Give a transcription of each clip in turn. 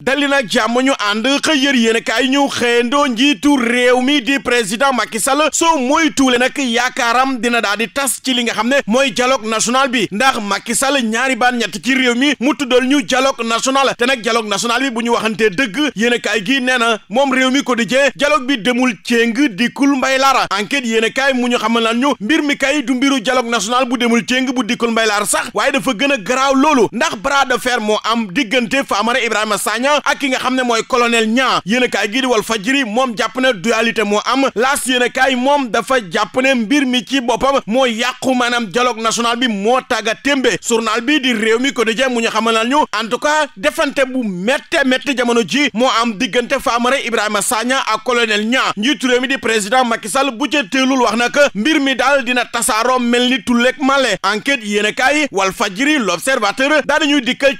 dali nag jàmm ñu ànd xëy yër yéen kaay ñëw xëyandoo njiitu réew mi di président Macky Sall soo mooy tuule nag yaakaaram dina daal di tas ci li nga xam ne mooy dialogue national bi ndax Macky Sall ñaari baan ñett ci réew mi mu tuddal ñu dialogue national te nag dialogue national bi bu ñu waxantee dëgg yéen kaay gi nee na moom réew mi ko di jee dialogue bi demul di kul mbay laara enquête yéen kaay mu ñu xamal lan ñu mbir mi kay du mbiru dialogue national bu demul céng bu dikkul mbay laara sax waaye dafa gën a garaaw ndax bras de moo am diggante Famara Ibrahima Sagna Sagna ak ki nga xam ne mooy colonel ñaa yéen a kaay wal di Walf moom jàpp ne dualité moo am laas yéen a moom dafa jàpp ne mbir mi ci boppam moo yàqu maanaam dialogue national bi moo tàgga témbe journal bi di réew mi quotidien mu ñu xamal ñu en tout cas defante bu métte métte jamono ji moo am diggante Famara Ibrahima Sagna a colonel ñaa njiitu réew mi di président Macky Sall bu ca teelul wax nag mbir mi daal dina tasaaroom mel ni tulleeg male enquête yéen a kaay Walf Fadjri l'observateur daanañuy dikkal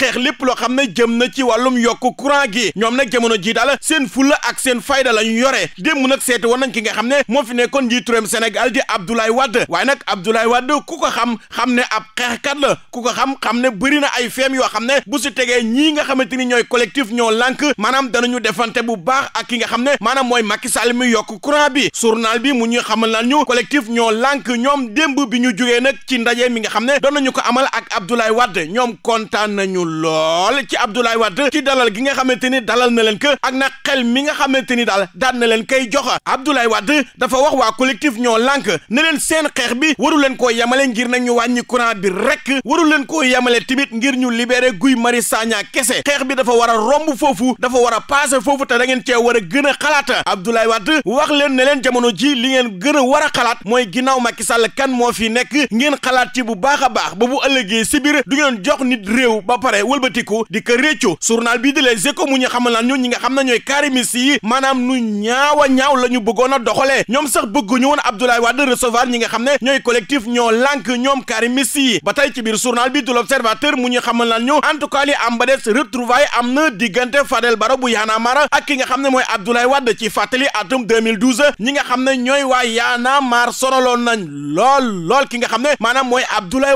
xeex lépp loo xam ne jëm na ci wàllum yokk courant gi ñoom nag jamono ji daal seen fulla ak seen fayda la ñu yore démb nag seeti woon nañ ki nga xam ne moo fi nekkoon njiitu réewum Sénégal di Abdoulaye Wade waaye nag Abdoulaye Wade ku ko xam xam ne ab xeexkat la ku ko xam xam ne bëri na ay feem yoo xam ne bu si tegee ñii nga xamante ni ñooy collectif ñoo lànk maanaam danañu defante bu baax ak ki nga xam ne maanaam mooy Macky Sall mi yokk courant bi journal bi mu ñuy xamal lan ñu collectif ñoo lànk ñoom démb bi ñu jógee nag ci ndaje mi nga xam ne doon nañu ko amal ak Abdoulaye Wade ñoom kontaan nañu lool ci Abdoulaye Wade ci dalal gi nga xamante ni dalal na leen ko ak na xel mi nga xamante ni daal daan na leen koy jox Abdoulaye Wade dafa wax waa collectif ñoo lank ne leen seen xeex bi waru leen koo yemale ngir nag ñu wàññi courant bi rek waru leen koo yemale tamit ngir ñu libere Guy Marius Sagna kese xeex bi dafa war a romb foofu dafa war a passé foofu te da ngeen cee war a gën a xalaat Abdoulaye Wade wax leen ne leen jamono ji li ngeen gën a war a xalaat mooy ginnaaw Macky Sall kan moo fi nekk ngeen xalaat ci bu baax a baax ba bu ëllëgee si biir du ngeen jox nit réew pare wëlbatiku di ko réccu journal bii di Les Échos mu ñu xamal naan ñun ñi nga xam ne ñooy karimis yi maanaam nu ñaaw ñaaw la ñu bëggoon a doxalee ñoom sax bëgguñu woon Abdoulaye Wade recevoir ñi nga xam ne ñooy collectif ñoo lànk ñoom karimis yi ba tey ci biir journal bi du l'Observateur mu ñu xamal naan ñu en tout cas li am ba des retrouvailles am na diggante Fadel Barro bu Y'en a ki nga xam ne mooy Abdoulaye Wade ci fàttali atum 2012 ñi nga xam ne ñooy waa Y'en a marre lool lool ki nga xam ne maanaam mooy Abdoulaye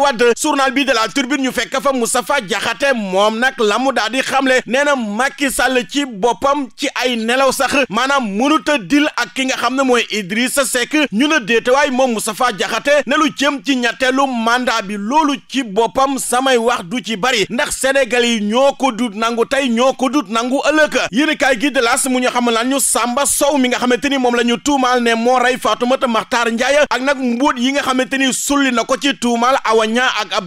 bi ñu fekk fa moom nag la mu daal di xamle nee na Macky Sall ci boppam ci ay nelaw sax maanaam mënut a dil ak ki nga xam ne mooy Idrissa Seck ñu ne déetewaay moom Moustapha Diakhaté ne lu jëm ci ñetteelu mandat bi loolu ci boppam samay wax du ci bari ndax Sénégal yi ñoo ko dut nangu tey ñoo ko dut nangu ëllëg yéen kaay gi de las mu ñu xam lan ñu Samba Sow mi nga xamante ni moom la ñu tuumaal ne moo rey Fatoumata Makhtar Ndiaye ak nag mbuut yi nga xamante ni sulli na ko ci tuumaal Awa Niang ak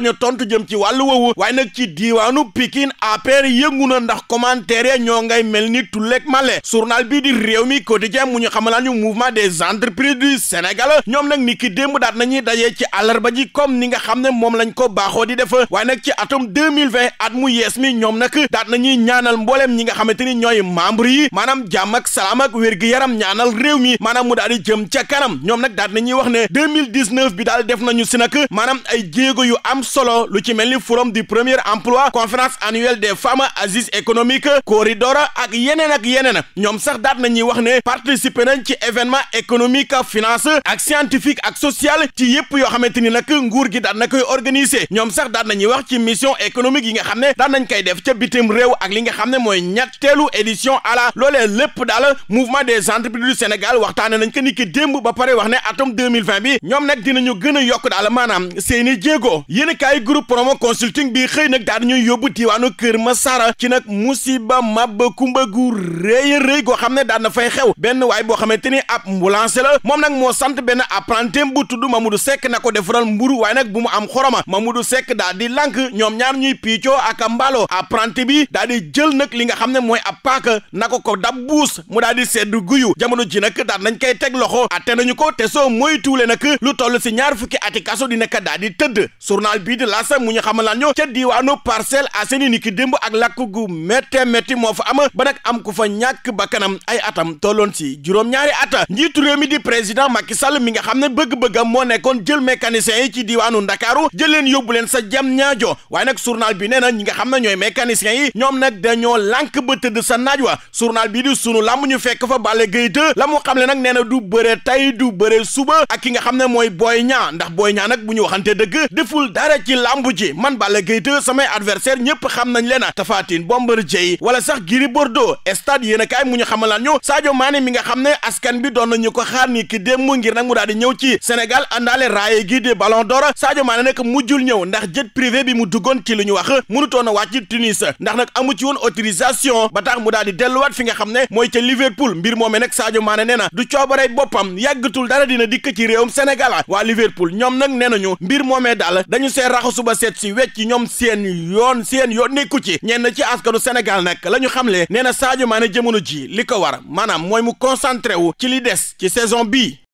bañ tontu ci wàllu woowu waaye nag ci diiwaanu Pikine APR yëngu na ndax commentaire ñoo ngay mel ni tulleeg male journal bii di réew mi quotidien mu ñu xamalaan ñu mouvement des entreprises du Sénégal ñoom nag ni ki démb daat nañuy dajee ci àllarba ji comme ni nga xam ne moom lañ ko baaxoo di def waaye nag ci atum 2020 at mu yees mi ñoom nag daat nañuy ñaanal mboolem ñi nga xamante ni ñooy membre yi maanaam jàmm ak salaam wér yaram ñaanal réew mi maanaam mu daal jëm ca kanam ñoom nag daat nañuy wax ne 2019 bi daal def nañu si nag maanaam ay jéego yu am solo lu ci mel ni forum di premier emploi conférence annuelle des femmes assises économiques corridora ak yeneen ak yeneen ñoom sax daat nañuy wax ne participer nañ ci événement économique finance ak scientifique ak social ci yëpp yoo xamante ni nag nguur gi daan na koy organiser ñoom sax daat nañuy wax ci mission économique yi nga xam ne daan nañ koy def ca bitim réew ak li nga xam ne mooy ñetteelu édition à la loolee lépp daal mouvement des entreprises du Sénégal waxtaane nañ ko ni démb ba pare wax ne atum 2020 bi ñoom nag dinañu gën a yokk daal maanaam seeni jéego kaay groupe promo consulting bii xëy nag daal ñuy yóbbu diwaanu Kër Masara ci nag musiba mabba kumba gu rëy rëy goo xam ne daan na fay xew benn waay boo xamante ni ab ambulancier la moom nag moo sant benn apprenti bu tudd Mamadou Seck na ko defaral mburu waaye nag bu mu am xoroma Mamadou Seck daal di lànk ñoom ñaar ñuy piicoo ak mbaloo apprenti bi daal di jël nag li nga xam ne mooy a paaka na ko ko dab buus mu daal di sedd guyu jamono ji nag daal nañ koy teg loxo atte nañu ko te soo moytuwule nag lu toll si ñaar fukki ati kaso dina daal di tëdd journal bi bii di laasa mu ñu xamal ñu ca diiwaanu Parcelles Assainies ni ki démb ak làkk gu métte métti moo fa am ba am ku fa ñàkk ba kanam ay atam toloon si juróom-ñaari at njiitu réew mi di président Macky Sall mi nga xam ne bëgg-bëggam moo nekkoon jël mécaniciens yi ci diiwaanu Ndakaaru jël leen yóbbu leen sa jam ñaajo waaye nag journal bi nee na ñi nga xam na ñooy mécaniciens yi ñoom nag dañoo lànk ba tëdd sa naaj wa journal bii di sunu làmb ñu fekk fa bàlle gayta la mu xam ne nag nee na du bëre tey du bëre suba ak ki nga xam ne mooy booy ñaa ndax booy ñaa nag bu ñu waxante dëgg nag ci làmb ji man Balla Gaye 2 samay adversaire ñëpp xam nañ leen Tapha Tine Bombardier wala sax Gris Bordeaux stade yéen a kaay mu ñu xamalaan ñu Sadio Mané mi nga xam ne askan bi doon nañu ko xaar ni ki démb ngir nag mu daal di ñëw ci Sénégal àndaale raaye gi di Ballon d'Or Sadio Mané mu jul ñëw ndax jet privé bi mu duggoon ci li ñu wax mënutoon a wàcc Tunis ndax nag amu ci woon autorisation ba tax mu daal di delluwaat fi nga xam ne mooy ca Liverpool mbir moomee nag Sadio Mané nee na du coobarey boppam yàggatul dara dina dikk ci réewum Sénégal waa Liverpool ñoom nag nee nañu mbir moomee daal dañu seet raxasu ba seet si wecc ñoom seen yoon seen yoon nekku ci ñenn ci askanu Sénégal nag la ñu xamle nee na Sadio Mané jamono ji li ko war maanaam mooy mu concentré wu ci li des ci saison bii